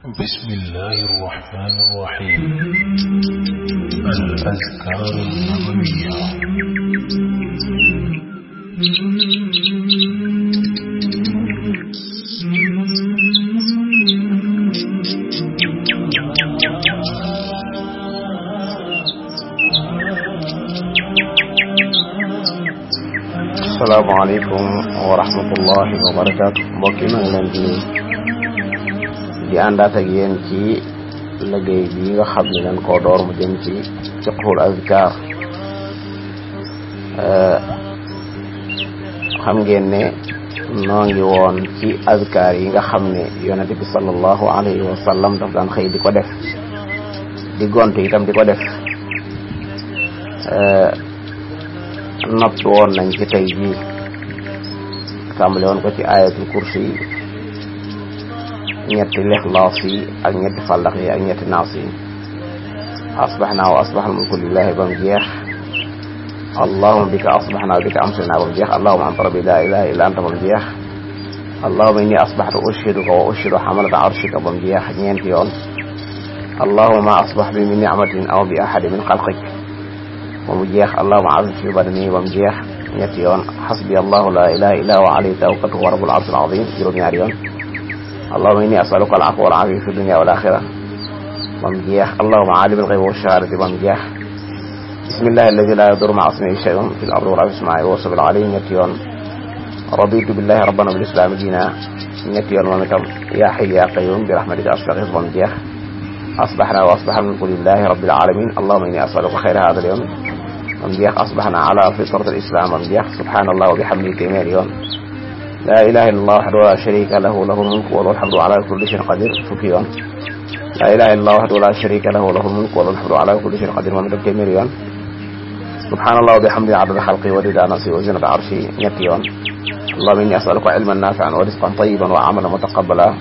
بسم الله الرحمن الرحيم الأذكار النبوية asalaamaaleykum wa rahmatullahi wa barakaatu mbokk yi maa ngi leen di di àndaat ak yéen ci liggéey bi nga xam ne dañ koo door mu jëm ci fiqhul azkar euh, xam ngeen ne noo ngi woon ci azkar yi nga xam ne yonente bi sallallahu alayhi wa daf daan xëy di ko def di gontu itam di ko def euh, noppi woon nañ ci tey jii tàmbale woon ko ci ayatul kursi ñetti lixlaas yi ak ñetti fàllax yi ak ñetti naas yi asbaxnaa wa asbaxal mulku lillahi ba mu jeex allahuma bika asbaxnaa wa bika amsaynaa ba mu jeex allahuma anta rabbi laa ilaha illa anta ba mu jeex allahuma inni asbaxtu ushiduka wa ushidu xamalata arshika ba mu jeex ñeenti yoon allahuma ma asbax bi min nicmatin aw bi ahadi min xalqik ba mu jeex allahuma azif fi badani ba mu jeex ñetti yoon xasbi allahu laa ilaha illa wa alayhi tawakkaltu wa rabbul arshil azim juróom ñaari yoon allahuma inni asaluka al afwa wal afiya fi dunya wal axira ba mu jeex allahuma alim al ghaybi wa shahadati ba mu jeex bismillahi alladi la yadurru ma'a ismihi shay'un fil ardi wala fis samaa'i wa sabil alayhi ñetti yoon raditu billahi rabbana bil islami diina ñetti yoon moom itam yaa hayyu yaa qayyum bi rahmatika astaghith ba mu jeex asbahna wa asbaha almulku lillahi rabbil alamin allahuma inni asaluka khayra hadha al yawm ba mu jeex asbahna ala fitrati al islam ba mu jeex subhanallah wa bihamdihi téeméer yoon laa ilaha illallah wahdahu laa sharika lahu lahul mulku wa lahul hamdu ala kulli shay'in qadir fukki yoon laa ilaha illallah wahdahu laa sharika lahu lahul mulku wa lahul hamdu ala kulli shay'in qadir moom itam téeméeri yoon subhanallah wa bihamdihi adada xalqi wa rida nafsi wa zinata arshi ñetti yoon allahumma inni as'aluka ilman nafi'an wa rizqan tayyiban wa amalan mutaqabbalan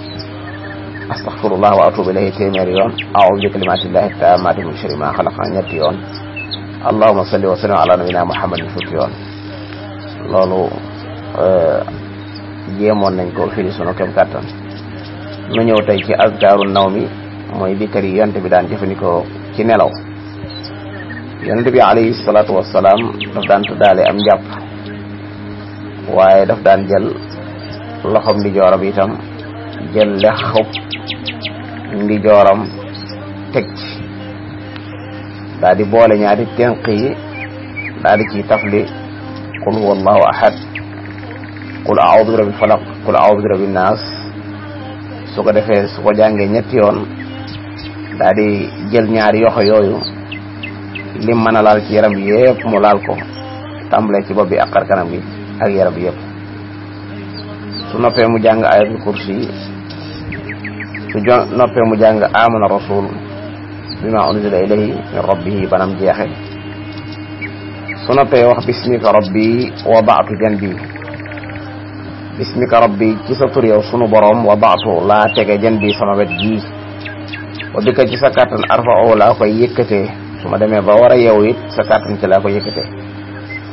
astaghfirullah wa atubu ilayhi téeméeri yoon a'udhu bi kalimatillahi tammati min sharri ma xalaqa ñetti yoon allahumma salli wa sallim ala nabiyyina muhammadin fukki yoon loolu jéemoon nañ ko firi sunu kem kàttan nu ñëw tey ci azkaaru naw mi mooy dikkar yi yonent bi daan jëfandikoo ci nelaw yonent bi alayhi salaatu wassalaam daf daan am njàpp waaye daf daan jël loxom ndi jooram itam jël lexub ndi jooram teg ci daal boole ñaari tenq yi daal tafli qul huwallahu ahad qul a'udhu bi rabbil falaq qul a'udhu bi rabbin nas su ko defee su ko jàngee ñetti yoon daal di jël ñaari yoxo yooyu lim mën a laal ci yaram bi yëpp mu laal ko tàmbalee ci bopp bi ak xar kanam gi ak yaram bi yëpp su noppee mu jàng ayatul kursi su jo noppee mu jàng amana rasul bima unzila ilayhi min rabbihi banam jeexe su noppee wax bismika rabbi wada'tu janbi bismika rabbi ci sa tur yow sunu borom wa baasu laa tege jën bi sama wet gii wa bika ci sa kàttan arfa'u laa koy yëkkatee ma demee ba war a yow it sa kàttan ci laa koy yëkkatee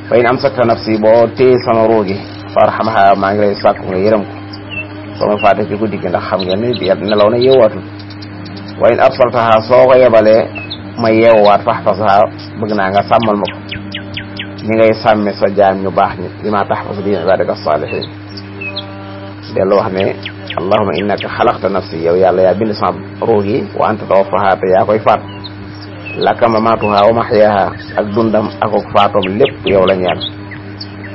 fa in am nafsi boo téye sama ruugi farhamha maa ngi lay sàkku nga yërëm ko soo ma faate ci guddi gi ndax xam ngeen ni yat nelaw na yeewaatul wa in absaltaha soo ko yebalee ma yeewwaat fahfasaha bëgg naa nga sàmmal ma ko ñi ngay sàmme sa jaam ñu baax ñi li ma bi ibadaka dellu wax ne allahuma innaka xalaqta nafsi yow yàlla yaa bind sama ruux gi wa anta tawaffaha yaa koy faat laka mamaatuha wa maxyaaha ak dundam ak ak faatoom lépp yow la ñeel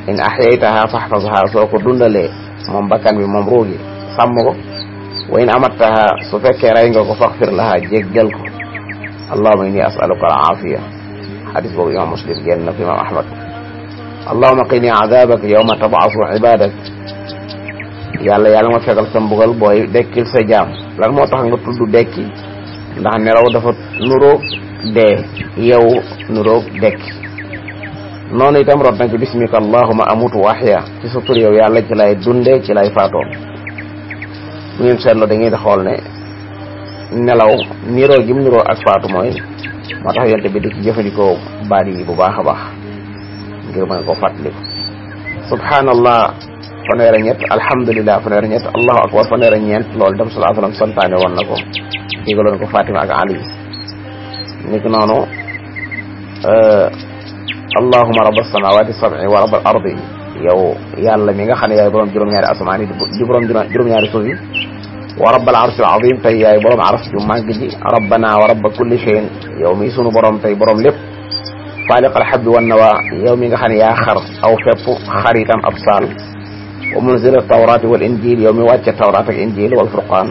in axyaytaha faxfasha soo ko dundalee moom bakkan bi moom ruux gi sàmm wa in amattaha su fekkee rey nga ko faxfir laha jéggal ko allahuma inni asaluka al aafiya xadis boobu imam muslim génn na ko yàlla yàlla ma fegal sa mbugal booy dekkil sa jaam lan moo tax nga tudd dekki ndax nelaw dafa nuroog dee yow nuroog dekki noonu itam rot na ci bismika allahuma amutu wa ahya ci sa tur yow yàlla ci lay dunde ci lay faatoo bu ngeen seetloo da ngeen di xool ne nelaw niroo gim niroo ak faatu mooy moo tax yonte bi di ci jëfandikoo baat yi bu baax a baax ngir mën ko fàttaliku subhanallah fanweer ak ñett alhamdulilah fanweer ak ñett allahu akbar fanweer ak ñeent loolu dem sallallahu alayhi wa sallam santaane woon na ko digaloon ko Fatima ak Ali niki noonu euh, allahuma rabbas samawati sab'i wa rabbal ardi yow yàlla mi nga xam ne yaay borom juróom-ñaari asamaan yi di borom juróom-ñaari suuf yi wa rabbal arshil azim tey yaay borom aras ju màgg ji rabbana wa rabba kulli shay'in yow mi sunu borom tey borom lépp faaliqal habbi wan nawa yow mi nga xam ne yaa xar aw fépp xar itam ab saal wa munzila tawraati wal injil yow mi wàcce tawraat ak injil wal furqaan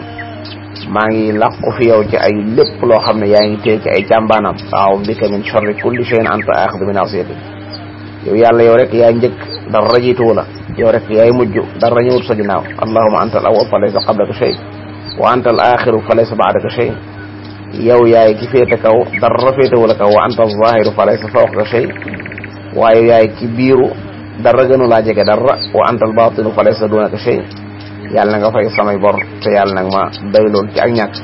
maa ngi làqu fi yow ci ay lépp loo xam ne yaa ngi téye ci ay càmbaanam waaw bika min sharri kulli shay'in anta aaxidu bi naasiyati yow yàlla yow rek yaa njëkk dara jiituwu la yow rek yaay mujj dara ñëwut sa ginnaaw allahumma anta al awwal fa laysa qablaka shay wa anta al axiru fa laysa baadaka shay yow yaay ki féete kaw dara féetewu la kaw wa anta al zahiru fa laysa fawqaka shay waaye yaay ki biiru dara gënu laa jege dara wa antal baatilu fa laysa dunaka shay yàlla na nga fay samay bor te yàlla nag ma daylool ci ak ñàkk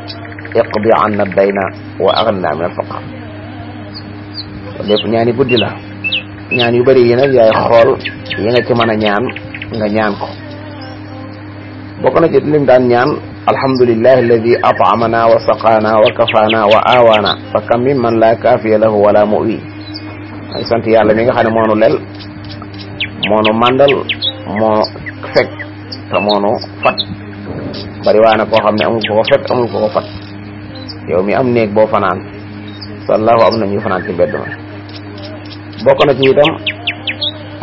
iqdi anna dayna wa aghnina min alfaqr lépp ñaani guddi la ñaan yu bëri yi nag yaay xool yi nga ci mën a ñaan nga ñaan ko bokk na ci lim daan ñaan alhamdulillahi alladi at'amana wa saqana wa kafana wa awana fa kam min man la kaafiya lahu wala muwi ay sant yàlla mi nga xam ne moonu lel moonu màndal moo fekk te moonu fat bari waa na koo xam ne amul ko ko fekk amul fat yow mi am néeg boo fanaan sallahu am na ñuy fanaan ci mbedd ma bokk na ci itam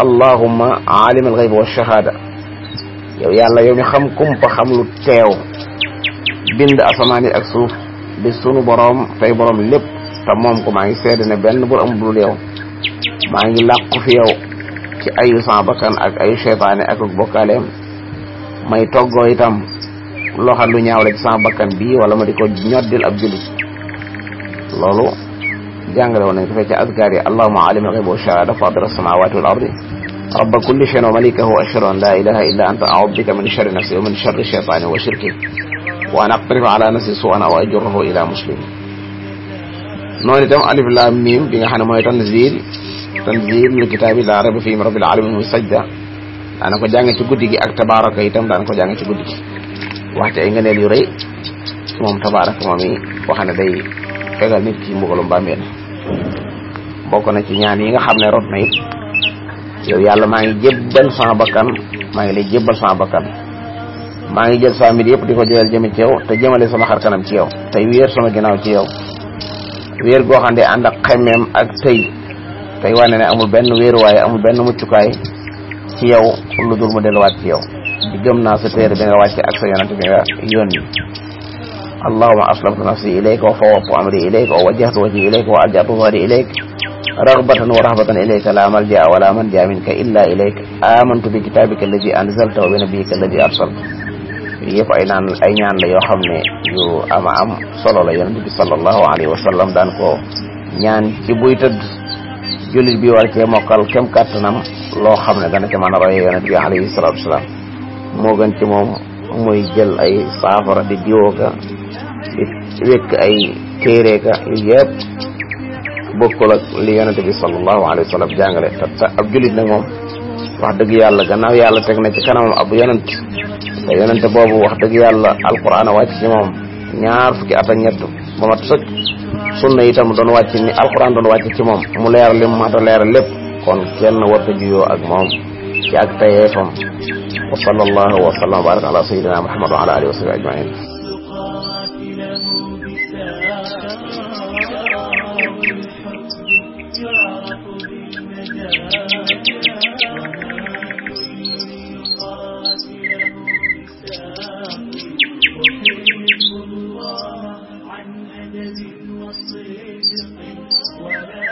allahumma alim al gayb wa shahada yow yàlla yow mi xam ak suuf di borom boroom tey boroom lépp te moom ko maa ngi seede ne benn bur am bul yow maa ngi làqu ci ayu sama bakkan ak ayu seytaane ak bokkaaleem may toggoo itam loo xam lu ñaaw la ci sama bakkan bii wala ma di ko ñoddil ab jullit loolu jàngale woon nañ ko fekk ci azkaar yi allahumma alimul ghaybi wa shahada fadir as-samawati wal ardi rabba kulli shay'in wa malikahu wa ashhadu an la ilaha illa anta a'udhu bika min sharri nafsi wa min sharri shaytani wa shirki wa an aqtarif ala nafsi su'an aw ajruhu ila muslim noonu itam alif lam mim bi nga xam ne mooy tanzil tanzil min kitaabi laa rayba fiihi min rabbil aalamiin muy sajda daana ko jàng ci guddi gi ak tabaaraka itam daan ko jàng ci guddi gi wax ci ay ngëneel yu rëy moom tabaaraka moom yi ne day fegal nit ki mbugalum bàmmeel bokk na ci ñaan yi nga xam ne rot na it yow yàlla maa ngi jébbal sama bakkan maa ngi lay jébbal sama bakkan maa ngi jël sama mbir yëpp di ko jëlal jëme ci yow te jëmale sama xar ci yow tey wéer sama ginnaaw ci yow wéer goo xam ne ak xemmeem tey wane ne amul benn wéeruwaay amul benn muccukaay ci yow lu dul mu delluwaat ci yow di gëm naa sa téere bi nga wàcce ak sa yonante bi nga yónni allahuma aslamtu nafsi ilayka wa fawwadtu amri ilayka wa wajjahtu wajhi ilayka wa alja'tu dhahri ilayka raghbatan wa rahbatan ilayka la malja'a wa la manja minka illa ilayka amantu bi kitabika alladhi anzalta wa bi nabiyyika alladhi arsalta yëpp ay naan ay ñaan la yoo xam ne yu ama am solo la yonente bi sallallahu alayhi wa sallam daan ko ñaan ci buy tëdd jullit bi war cee mokkal kem kàttanam loo xam ne dana ci mën a royee yonent bi alayhi salaatu wasalaam moo gën ci moom muy jël ay saafara di diwooga di wékk ay téereeka yu yëpp bokkul ak li bi sallallahu alayhi wa sallam jàngale te ab jullit nag moom wax dëgg yàlla gannaaw yàlla teg na ci kanamam ab yonent te yonent boobu wax dëgg yàlla alquran wàcc ci moom ñaar fukki at ak ñett ba mat sëkk sunna itam doon wàcc ni alxuraan doon wàcc ci moom mu leer li mu mat a leer lépp ak moom ci ak tayeefam wa sallallahu wa sallam wa baraka ala sayyidina muhammad wa ala alihi wa sahbihi ajmain وصيتي ولا